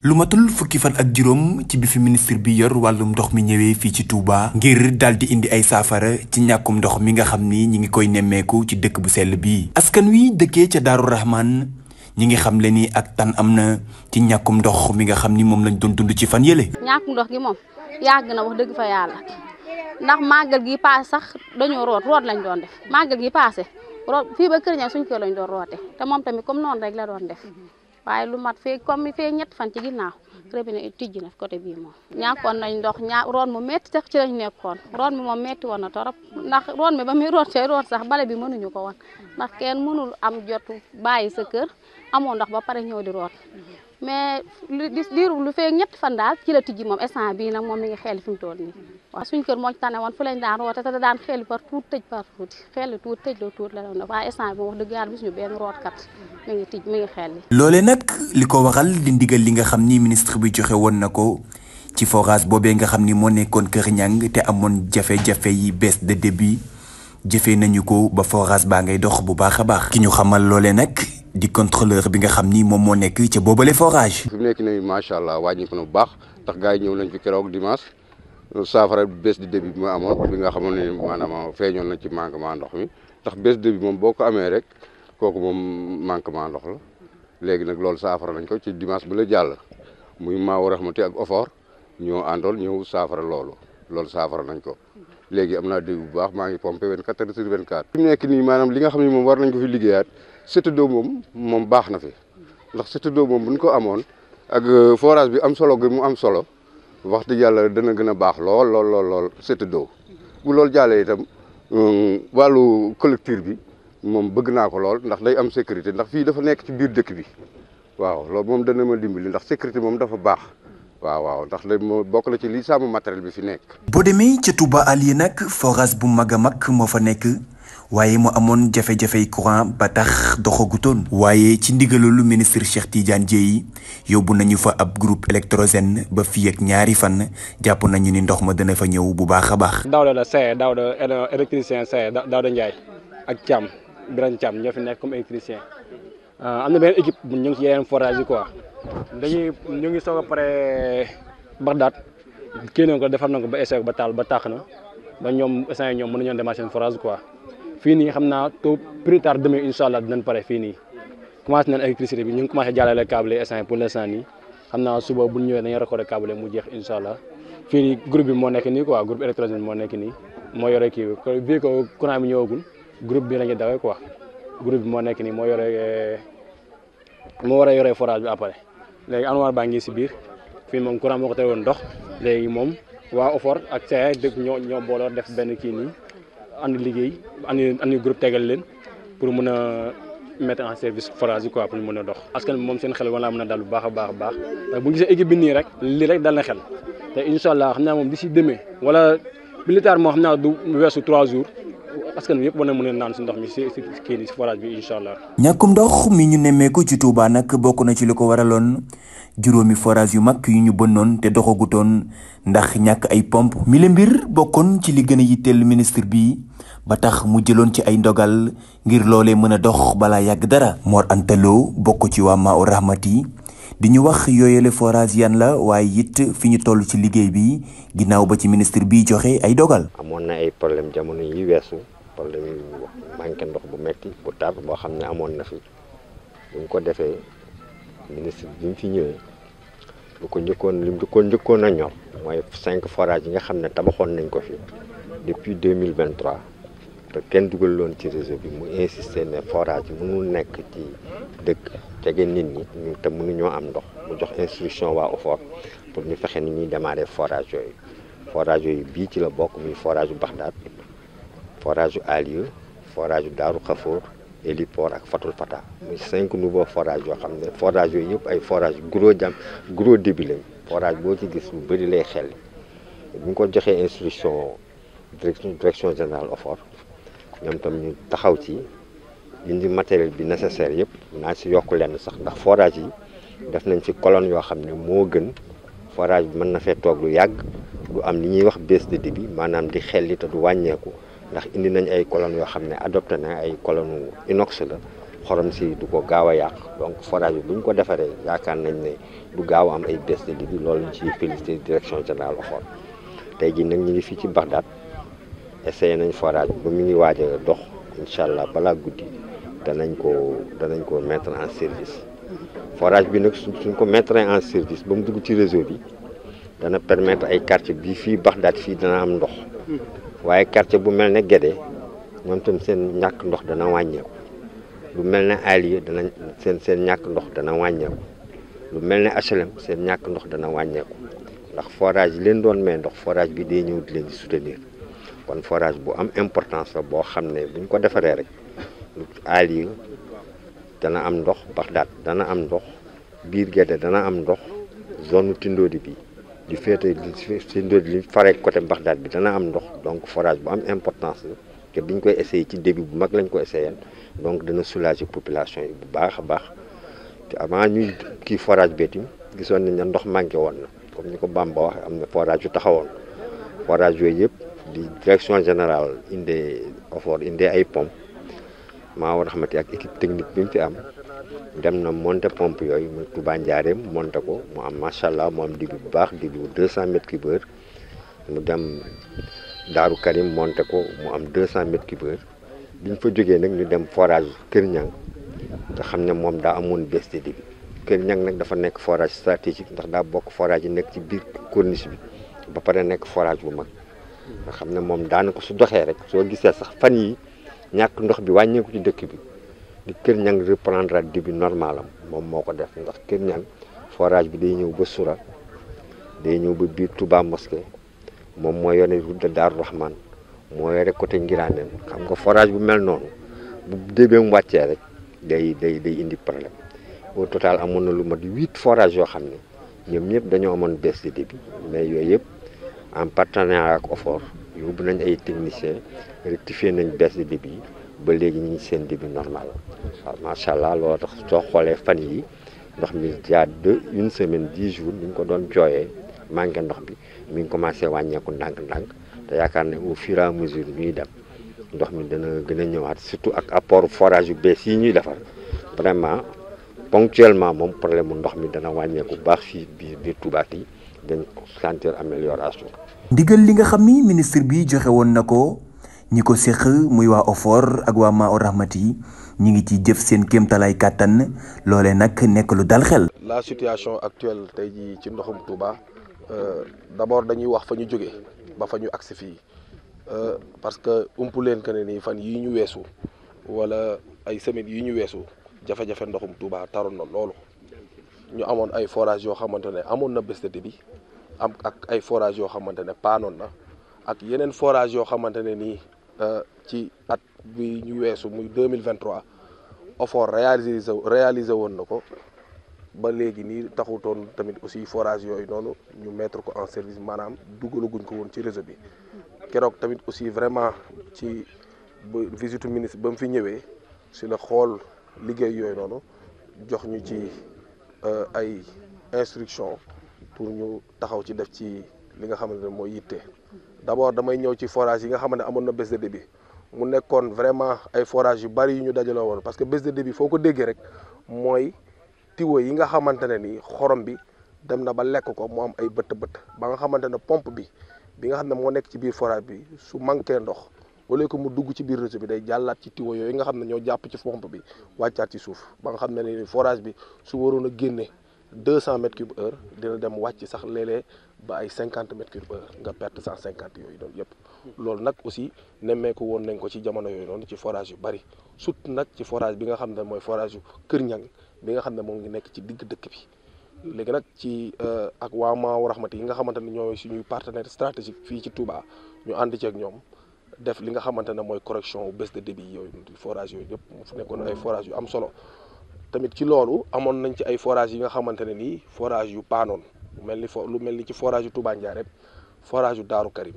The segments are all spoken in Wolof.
lu matul fukki fan ak juróom ci bi fi ministre bi yor wàllum ndox mi ñëwee fii ci Touba ngir daal di indi ay saafara ci ñàkkum ndox mi nga xam ni ñi ngi koy nemmeeku ci dëkk bu sell bii askan wi dëkkee ca Daaru Rahman ñi ngi xam le ni ak tan am na ci ñàkkum ndox mi nga xam ni moom lañ doon dund ci fan yële ñàkkum ndox gi moom yàgg na wax dëgg fa yàlla ndax màggal gi paase sax dañoo root root lañ doon def màggal gi paase root fii ba kër ña suñ kër lañ doon roote te moom tamit comme noonu rek la doon def waaye lu mat fee comme fee ñett fan ci ginnaaw robinet ne tijji na côté bii moom ñàkkoon nañ ndox ñaa roon mu metti sax ci lañ nekkoon roon mi moom metti woon na torop ndax roon mi ba muy root see root sax bale bi mënuñu ko woon ndax kenn mënul am jot bàyyi sa kër amoo ndox ba pare ñëw di root mais di diiru lu fee ñetti fan daal ci la tijji moom instant bii nag moom mi ngi xeeli fi tool toll nii waaw suñ kër moo ci tane woon fu lañ daan roote te daan xeeli par tuut tëj par tuuti xeeli tuut tëj la tuut la doon waaye instant wax dëgg yàlla gisuñu benn ngi tij loole nag li ko waxal di ndigal li nga xam ni ministre bi joxe woon na ko ci forage boobee nga xam ni moo nekkoon Kër Ñàng te amoon jafe-jafe yi bees de débit jëfe nañu ko ba forage baa ngay dox bu baax a baax ki ñu xamal loole nag di contrôleur bi nga xam ni moom moo nekk ca boobale forage. fi mu nekk nii macha allah wàññi ko na bu baax tax gaa yi ñëw nañ fi keroog dimanche saafara bés di débit bi ma amoon bi nga xamoon ne maanaam feeñoon na ci manquement ndox mi tax bés débit moom boo ko amee rek kooku moom manquement ndox la léegi nag loolu saafara nañ ko ci dimanche bu la jàll muy maaw Maawu Rahmati ak Ofor ñoo àndoon ñëw saafara loolu loolu saafara nañ ko léegi am naa débit bu baax maa ngi pompé 24 nekk nii maanaam li nga xam ne moom war nañ ko fi liggéeyaat. Sétédo moom moom baax na fi ndax Sétédo moom bu ñu ko amoon ak euh, forage bi am solo gi mu am solo wax dëgg yàlla dana gën a baax lool lool lool lool Sétédo bu lool jàllee itam euh, wàllu collecteur bi moom bëgg naa ko lool ndax day am sécurité ndax fii dafa nekk ci biir dëkk bi waaw loolu moom dana ma dimbali ndax sécurité moom dafa baax. waaw waaw ndax de moo bokk na ci lii sàmm matériel bi fi nekk. boo demee ca Touba yi nag forage bu mag a mag moo fa nekk. waaye mu amoon jafe-jafey courant ba tax doxagutoon waaye ci ndigalolu ministre Cheikh Tidiane Dièye yóbbu nañu fa ab groupe électrogène ba fii ak ñaari fan jàpp nañu ni ndox ma dana fa ñëw bu baax a baax. Daouda la Seye Daouda électricien Seye Daouda Ndiaye ak Thiam Birane Thiam ñoo fi nekk comme électricien euh, am na benn équipe ñu ngi ci yeneen forage yi ngi soog a pare Bagdad kii nañ ko defar na ko ba essai ba taal ba taax na ba ñoom essai ñoom mën nañoo demaat seen forage quoi. fii nii xam naa tôt plus tard demain incha allah dinañ pare fii nii commencé nañ électricité bi ñu ngi commencé jàllale câble instant pour l'instant nii xam naa suba bu ñëwee dañuy raccordé câble mu jeex incha allah fii nii groupe bi moo nekk nii quoi groupe électrogène moo nekk moo yore kii bi bii ko courant bi ñëwagul groupe bi la ñu dawee quoi groupe bi moo nekk nii moo yore moo war a yore forage bi après léegi anuwaar baa ngi si biir fii moom courant moo ko tere woon ndox léegi moom waa OFOR ak CAE dëgg ñoo ñoo booloo def benn kii nii ànd liggéey ànd ànd groupe tegal leen pour mën a mettre en service forage yi quoi pour ñu mën a dox. askan bi moom seen xel wala mën a dal bu baax a baax a baax ndax bu ñu gisee bi nii rek lii rek dal na xel te incha allah xam naa moom d'ici demain wala militaire xam naa du weesu trois jours. parce que yëpp war na mën a naan si ndox mi si forage bi incha allah. ñàkkum ndox mi ñu nemmeeku ci Touba nag bokk na ci li ko waraloon juróomi forage yu mag yu ñu bënnoon te doxagutoon ndax ñàkk ay pompe mi la mbir bokkoon ci li gën a yitteel ministre bi ba tax mu jëloon ci ay ndogal ngir loolee mën a dox balaa yàgg dara. Mor Anta Lo bokk ci waa Maou Rahmati di ñu wax yooyale forage yan la waaye it fi ñu toll ci liggéey bi ginnaaw ba ci ministre bi joxe ay dogal. amoon na ay problème jamono yi weesu. problème manque ndox bu metti bu tar boo xam ne amoon na fi bu ko defee ministre bi mu fi ñëwee lu ko njëkkoon lim ko njëkkoon a ñor mooy cinq forage yi nga xam ne tabaxoon nañ ko fi depuis deux mille vingt trois te kenn dugal loon ci réseau bi mu insister ne forage yi mënul nekk ci dëkk jege nit ñi ñu te mënuñoo am ndox mu jox instruction waa OFOR pour ñu fexe ni ñuy démarrer forage yooyu forage yooyu bii ci la bokk muy forage bu Baxdaat forage u Alieu forage u Daaru Xafoor héliport ak Fatul Fata muy cinq nouveaux forages yoo xam ne forage yooyu yëpp ay forage gros jam gros débit bile forage boo ci gis bu bëri lay xel buñ ko joxee instruction direction direction générale OFOR ñoom tam ñu taxaw ci indi matériel bi nécessaire yëpp naa si yokk lenn sax ndax forage yi def nañ ci colonne yoo xam ne moo gën forage bi mën na fee toog lu yàgg du am li ñuy wax baisse de débit maanaam di xelli te du wàññeeku ndax indi nañ ay colonnes yoo xam ne adopté na ay colonnes inox la xorom si du ko gaaw a yàq donc forage bi bu ñu ko defaree yaakaar nañ ne du gaaw a am ay baisse de débit loolu ñu ciy félicité direction générale OFOR tey jii nag ñu ngi fii ci Bagdad essayé nañ forage bi mu ngi waaj dox incha allah balaa guddi danañ ko danañ ko mettre en service forage bi nag suñ ko mettre en service ba mu dugg ci réseau bi dana permettre ay quartier bi fii Bagdad fii dana am ndox waaye quartier bu mel ne Guédé ñoom tam seen ñàkk ndox dana wàññeeku lu mel ne Alieu dana seen seen ñàkk ndox dana wàññeeku lu mel ne HLM seen ñàkk ndox dana wàññeeku ndax forage leen doon may ndox forage bi day ñëw di leen di soutenir kon forage bu am importance boo xam ne buñ ko defaree rek Alieu dana am ndox Baxdaat dana am ndox biir Guédé dana am ndox zone Tindodi bi di féete si ndóol li faree côté Baxdaad bi dana am ndox donc forage bu am importance la te biñ koy essayé ci début bu mag lañ ko essayé donc dana soulager population yi bu baax a baax te avant ñuy kii forage beeti gisoon nañ ne ndox manqué woon na comme ni ko Bamba wax am na forage yu taxawoon forage yooyu yëpp di direction général indee effort indee ay pompe maa war a xamante ak équipe technique bi mu fi am dem na monte pompe yooyu mu Touba Njaareem monte ko mu am macha allah mu am dibi bu baax dibi bu 200 mètres cube heure mu dem Daaru Karim monter ko mu am 200 mètres cube heure bi ñu fa jógee nag ñu dem forage Kër Ñang nga xam ne moom daa amoon baisse de débit Kër Ñang nag dafa nekk forage stratégique ndax daa bokk forage yi nekk ci biir corniche bi ba pare nekk forage bu mag nga xam ne moom ko su doxee rek soo gisee sax fan yi ñàkk ndox bi wàññeeku ci dëkk bi. ni Kër Niang reprendre début normal am moom moo ko def ndax Kër Niang forage bi day ñëw ba Soura day ñëw ba biir Touba mosquée moom mooy yore route de Darou Rahman moo yore côté xam nga forage bu mel noonu bu débeem wàccee rek day day day indi problème au total amoon na lu mat huit forages yoo xam ne ñoom ñëpp dañoo amoon baisse de débit mais yooyu yëpp en partenariat ak OFOR yóbbu nañ ay techniciens rectifier nañ baisse de débit yi. ba léegi ñu ngi seen débit normal waaw macha allah loo tax soo xoolee fan yi ndox mi yaa deux une semaine dix jours ni ñu ko doon jooyee manqué ndox bi mi ngi commencé wàññeeku ndànk-ndànk te yaakaar ne au fur et à mesure ñuy dem ndox mi dana gën a ñëwaat surtout ak apport forage yu bees yi ñuy defar vraiment ponctuellement moom problème mu ndox mi dana wàññeeku bu baax fii biir biir Touba yi dañ sentir amélioration. ndigal li nga xam ni ministre bi joxe woon na ko. ñi ko séq muy waa Ofor ak waa Maa Rahmati ñu ngi ci jëf seen kéemtalaay kàttan loole nag nekk lu dal xel. la situation actuelle tey jii ci ndoxum Touba euh, d'abord dañuy wax fa ñu jóge ba fa ñu agsi fii euh, parce que umpu leen que ne nii fan yii ñu weesu wala ay semaines yii ñu weesu jafe-jafe ndoxum Touba taroon na loolu ñu amoon ay forage yoo xamante ne amoon na bés bi am ak ay forage yoo xamante ne paanoon na ak yeneen forage yoo xamante ne nii Euh, ci at bi ñu weesu muy deux mille vingt trois OFOR réalisé réalisé woon na ko ba léegi nii taxutoon tamit aussi forage yooyu noonu ñu mettre ko en service maanaam dugalaguñ ko woon ci réseau bi keroog tamit aussi vraiment ci ba visite ministre ba mu fi ñëwee si la xool liggéey yooyu noonu jox ñu ci euh, ay instruction pour ñu taxaw ci def ci li nga xamante ne mooy yitte. d'abord damay ñëw ci forage yi nga xamane amoon na baisse de débit mu nekkoon vraiment ay forage yu bari yu ñu dajale woon parce que baisse de débit foo ko déggee rek mooy tiwo yi nga xamante ne ni xorom bi dem na ba lekk ko mu am ay bët bët ba nga xamante ne pompe bi bi nga xam ne moo nekk ci biir forage bi su manqué ndox wala ko mu dugg ci biir réseau bi day jàllaat ci tiwo yooyu nga xam ne ñoo jàpp ci pompe bi wàccaat ci suuf ba nga xam ne ni forage bi su waroon a génne deux cent mètres cube heure dina dem wàcc sax léeg ba ay cinquante mètres cube nga perte cent cinquante yooyu doon yëpp loolu nag aussi nemmeeku woon nañ ko ci jamono yooyu noonu ci forage yu bari surtout nag ci forage bi nga xam ne mooy forage yu Kër Ñang bi nga xam ne moom ngi nekk ci digg dëkk bi léegi nag ci euh, ak waa Maawu Rahmati yi nga xamante ne ñooy suñuy partenaire stratégique fii ci Touba ñu ànd ci ñoom def li nga xamante ne mooy correction wu baisse de débit yooyu forage yooyu yëpp mu nekkoon ay forage yu am solo tamit ci loolu amoon nañ ci ay forage yi nga xamante ne nii forage yu paanoon lu mel ni fo lu mel ni ci forage yu Touba Ndiarème forage yu Daaru Karim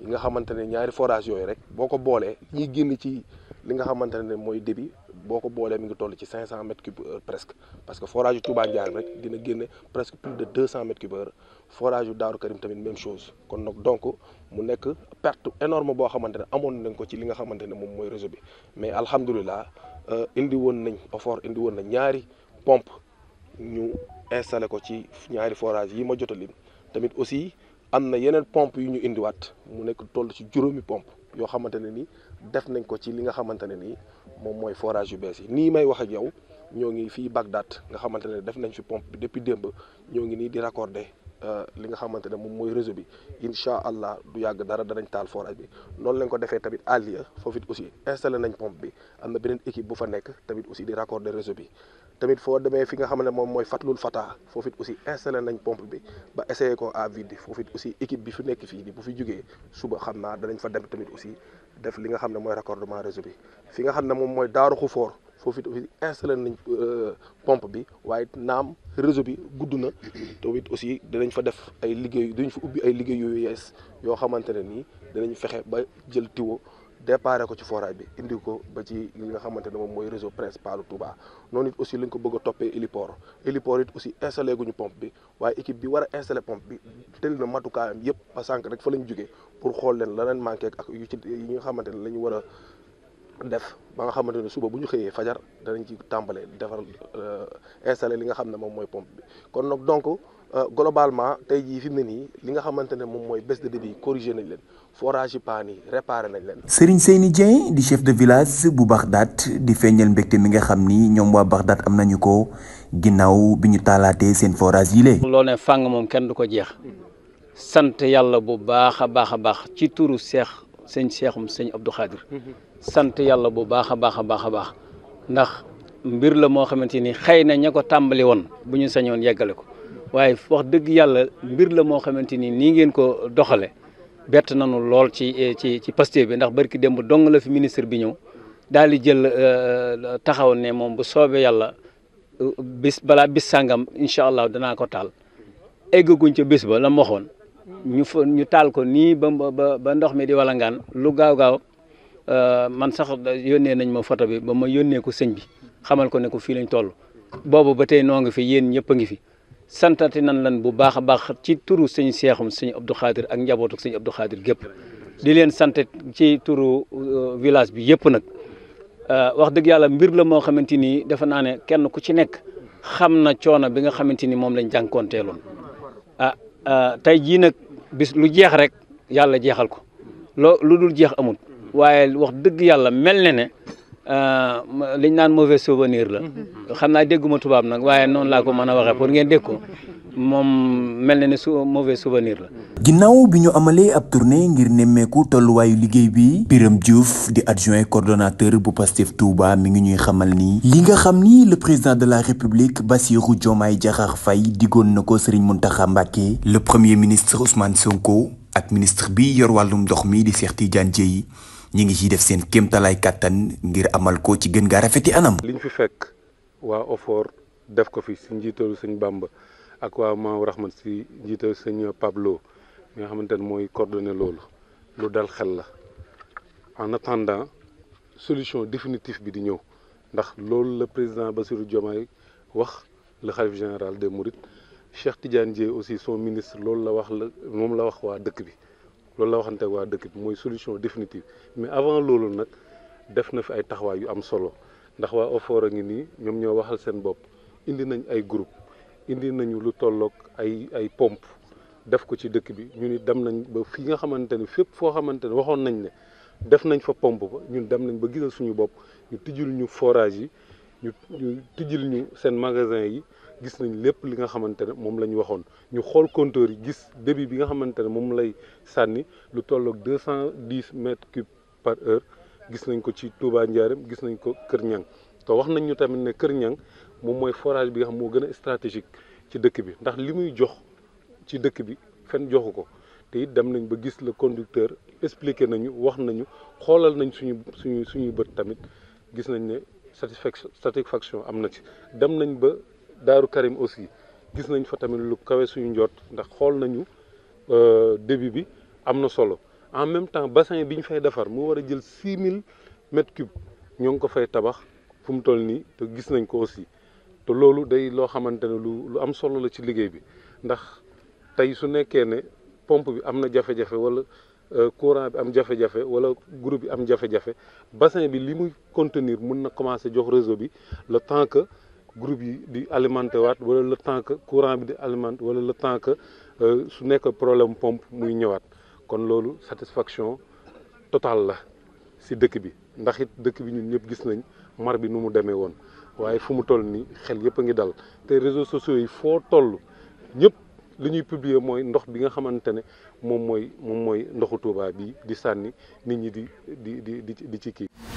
yi nga xamante ne ñaari forage yooyu rek boo ko boolee ñiy génn ci li nga xamante ne mooy débit boo ko boolee mi ngi toll ci 500 mètres cube heure presque parce que forage yu Touba Ndiarème rek dina génne presque plus de 200 mètres cube heure forage yu Daaru Karim tamit même chose kon nag donc mu nekk perte énorme boo xamante ne amoon nañ ko ci li nga xamante ne moom mooy réseau bi mais alhamdulilah euh, indi woon nañ effort indi woon nañ ñaari pompe ñu installé ko ci ñaari forage yi ma jot a lim tamit aussi am na yeneen pompe yu ñu indiwaat mu nekk toll ci juróomi pompe yoo xamante ne ni def nañ ko ci li nga xamante ne ni moom mooy forage yu bees yi nii may wax ak yow ñoo ngi fii Bagdad nga xamante ne def nañ fi pompe bi depuis démb ñoo ngi nii di raccorder euh, li nga xamante ne moom mooy réseau bi incha allah du yàgg dara danañ taal forage bi noonu lañ ko defee tamit àllia foofu it aussi installé nañ pompe bi am na beneen équipe bu fa nekk tamit di raccorder réseau bi tamit foo demee fi nga xam ne moom mooy fatlul fata foofu it aussi installé nañ pompe bi ba essayé ko à vide foofu it aussi équipe bi fi nekk fii ni bu fi jógee suba xam naa danañ fa dem tamit aussi def li nga xam ne mooy raccordement réseau bi fi nga xam ne moom mooy daaru xufoor foofu it aussi installé nañ euh, pompe bi waaye naam réseau bi gudd na tamit aussi danañ fa def ay liggéey dañ fa ubbi ay liggéey yu yees yoo xamante ne nii danañ fexe ba jël tiwo déparé ko ci forage bi indi ko ba ci li nga xamante ne moom mooy réseau principalu Touba noonu it aussi lañ ko bëgg a toppee héliport héliport it aussi installé guñu pompe bi waaye équipe bi war a installé pompe bi tëli na matukaayam yëpp ba sànq rek fa lañ jógee pour xool leen la leen manqué ak yu ci yi nga xamante ne la war a def ba nga xamante ne suba bu ñu xëyee fajar danañ ci tàmbale defar euh, installé li nga xam ne moom mooy pompe bi kon nag donk Euh, globalement tey jii fi mu ne nii li nga xamante ne moom mooy baisse de débit corrigé nañ leen forage yi paan yi nañ leen. Serigne seeni Dieng di chef de village bu Baxdaat di feeñal mbégte mi nga xam ni ñoom waa Baxdaat am nañu ko ginnaaw bi ñu taalaatee seen forage yi lee. loo ne fàng moom kenn du ko jeex sant yàlla bu baax a baax a baax ci turu seex sëñ seexum sëñ Abdou yàlla bu baax a baax a baax a baax ndax mbir la moo xamante ni xëy na ña ko tàmbali woon bu ñu sañoon yeggale ko. waaye wax dëgg yàlla mbir la moo xamante ni nii ngeen ko doxale bett nañu lool ci ci ci Pastef bi ndax barki dem démb dong la fi ministre bi ñëw daal di jël euh, taxaw ne moom bu soobee yàlla euh, bis balaa bis sangam incha allah danaa ko taal eggaguñ ca bis ba la moxoon ñu fa ñu taal ko nii ba ba ndox mi di walangaan lu gaaw gaaw euh, man sax yónnee nañ ma photo bi ba ma yónnee ko sëñ bi xamal ko ne ko fii lañ toll boobu ba tey noo ngi fi yéen ñëpp a ngi fi. santati nan lan bu baax a baax ci turu sëñ seexum sëñ Abdou Khadir ak njabootu sëñ Abdou Khadir gépp di leen sant ci turu euh, village bi yëpp nag euh, wax dëgg yàlla mbir la moo xamante ni defe naa ne kenn ku ci nekk xam na coona bi nga xamante ni moom lañ jànkoonteeloon ah euh, tey jii nag bis lu jeex rek yàlla jeexal ko lu dul jeex amul waaye wax dëgg yàlla mel na ne Euh, liñ naan mauvais souvenir la mhm. xam naa dégguma tubaab nag waaye noonu laa ko mën a waxee pour ngeen dégg ko moom mel na ne su mauvais souvenir la ginnaaw bi ñu amalee ab tournée ngir nemmeeku tolluwaayu liggéey bi Birame Diouf di adjoint coordonnateur bu Pastef Touba mi ngi ñuy xamal nii li nga xam ni le président de la République Bassirou Diomaye Diakhar Faye diggoon na ko Serigne Mountakha Mbacké le premier ministre Ousmane Sonko ak ministre bi yor wàllum ndox mi di Cheikh Tidiane Dièye ñi ngi ciy def seen kéemtalaay kàttan ngir amal ko ci gën gaa rafeti anam. li ñu fi fekk waa Ofor def ko fi si njiitalu sëñ Bamba ak waa Maaw Rahmat si njiitalu sëñ Pablo mi nga xamante ne mooy coordonné loolu lu dal xel la en attendant solution définitive bi di ñëw ndax loolu la président ba Bassirou Diomaye wax la khalife général de Mourides Cheikh Tidiane Dièye aussi son ministre loolu la wax la moom la wax waa dëkk bi. loolu la waxante waa dëkk bi mooy solution définitive mais avant loolu nag def na fi ay taxawaay yu am solo ndax waa OFOR a ngi nii ñoom ñoo waxal seen bopp indi nañ ay groupe indi nañu lu tollook ay ay pompe def ko ci dëkk bi ñu ni dem nañ ba fi nga xamante ni fépp foo xamante ne waxoon nañ ne def nañ fa pompe ba ñun dem nañ ba gisal suñu bopp ñu tijjul ñu forage yi ñu ñu tijjul ñu seen magasin yi gis nañ lépp li nga xamante ne moom la ñu waxoon ñu xool compteur yi gis débit bi nga xamante ne moom lay sànni lu tolloog deux cent dix mètres cube par heure gis nañ ko ci Touba Ndiarème gis nañ ko Kër Ñang te wax nañ ñu tamit ne Kër Ñang moom mooy forage bi nga xam moo gën a stratégique ci dëkk bi ndax li muy jox ci dëkk bi fen joxu ko te it dem nañ ba gis le conducteur expliqué nañu wax nañu xoolal nañ suñu suñu suñuy bët tamit gis nañ ne satisfaction satisfaction am na ci dem nañ ba Daaru Karim aussi gis nañ fa tamit lu kawe suñu njoot ndax xool nañu euh, début bi am na solo en même temps bassin bi ñu fay defar mu war a jël six mille mètres cubes ñoo ngi ko fay tabax fu mu toll nii te gis nañ ko aussi te loolu day loo xamante ne lu lu am solo la ci liggéey bi ndax tey su nekkee ne pompe bi am na jafe-jafe wala euh, courant bi am jafe-jafe wala groupe bi am jafe-jafe bassin bi li muy contenir mun na commencer jox réseau bi le temps que groupe yi di alimenté waat wala le temps que courant bi di alimenté wala le temps que euh, su nekk problème pompe muy ñëwaat kon loolu satisfaction totale la si dëkk bi ndax it dëkk bi ñun ñëpp gis nañ mar bi nu mu demee woon waaye fu mu toll nii xel yëpp a ngi dal te réseaux sociaux yi foo toll ñëpp li ñuy publier mooy ndox bi nga xamante ne moom mooy moom mooy ndoxu Tuuba bi di sànni nit ñi di di di di di ci kii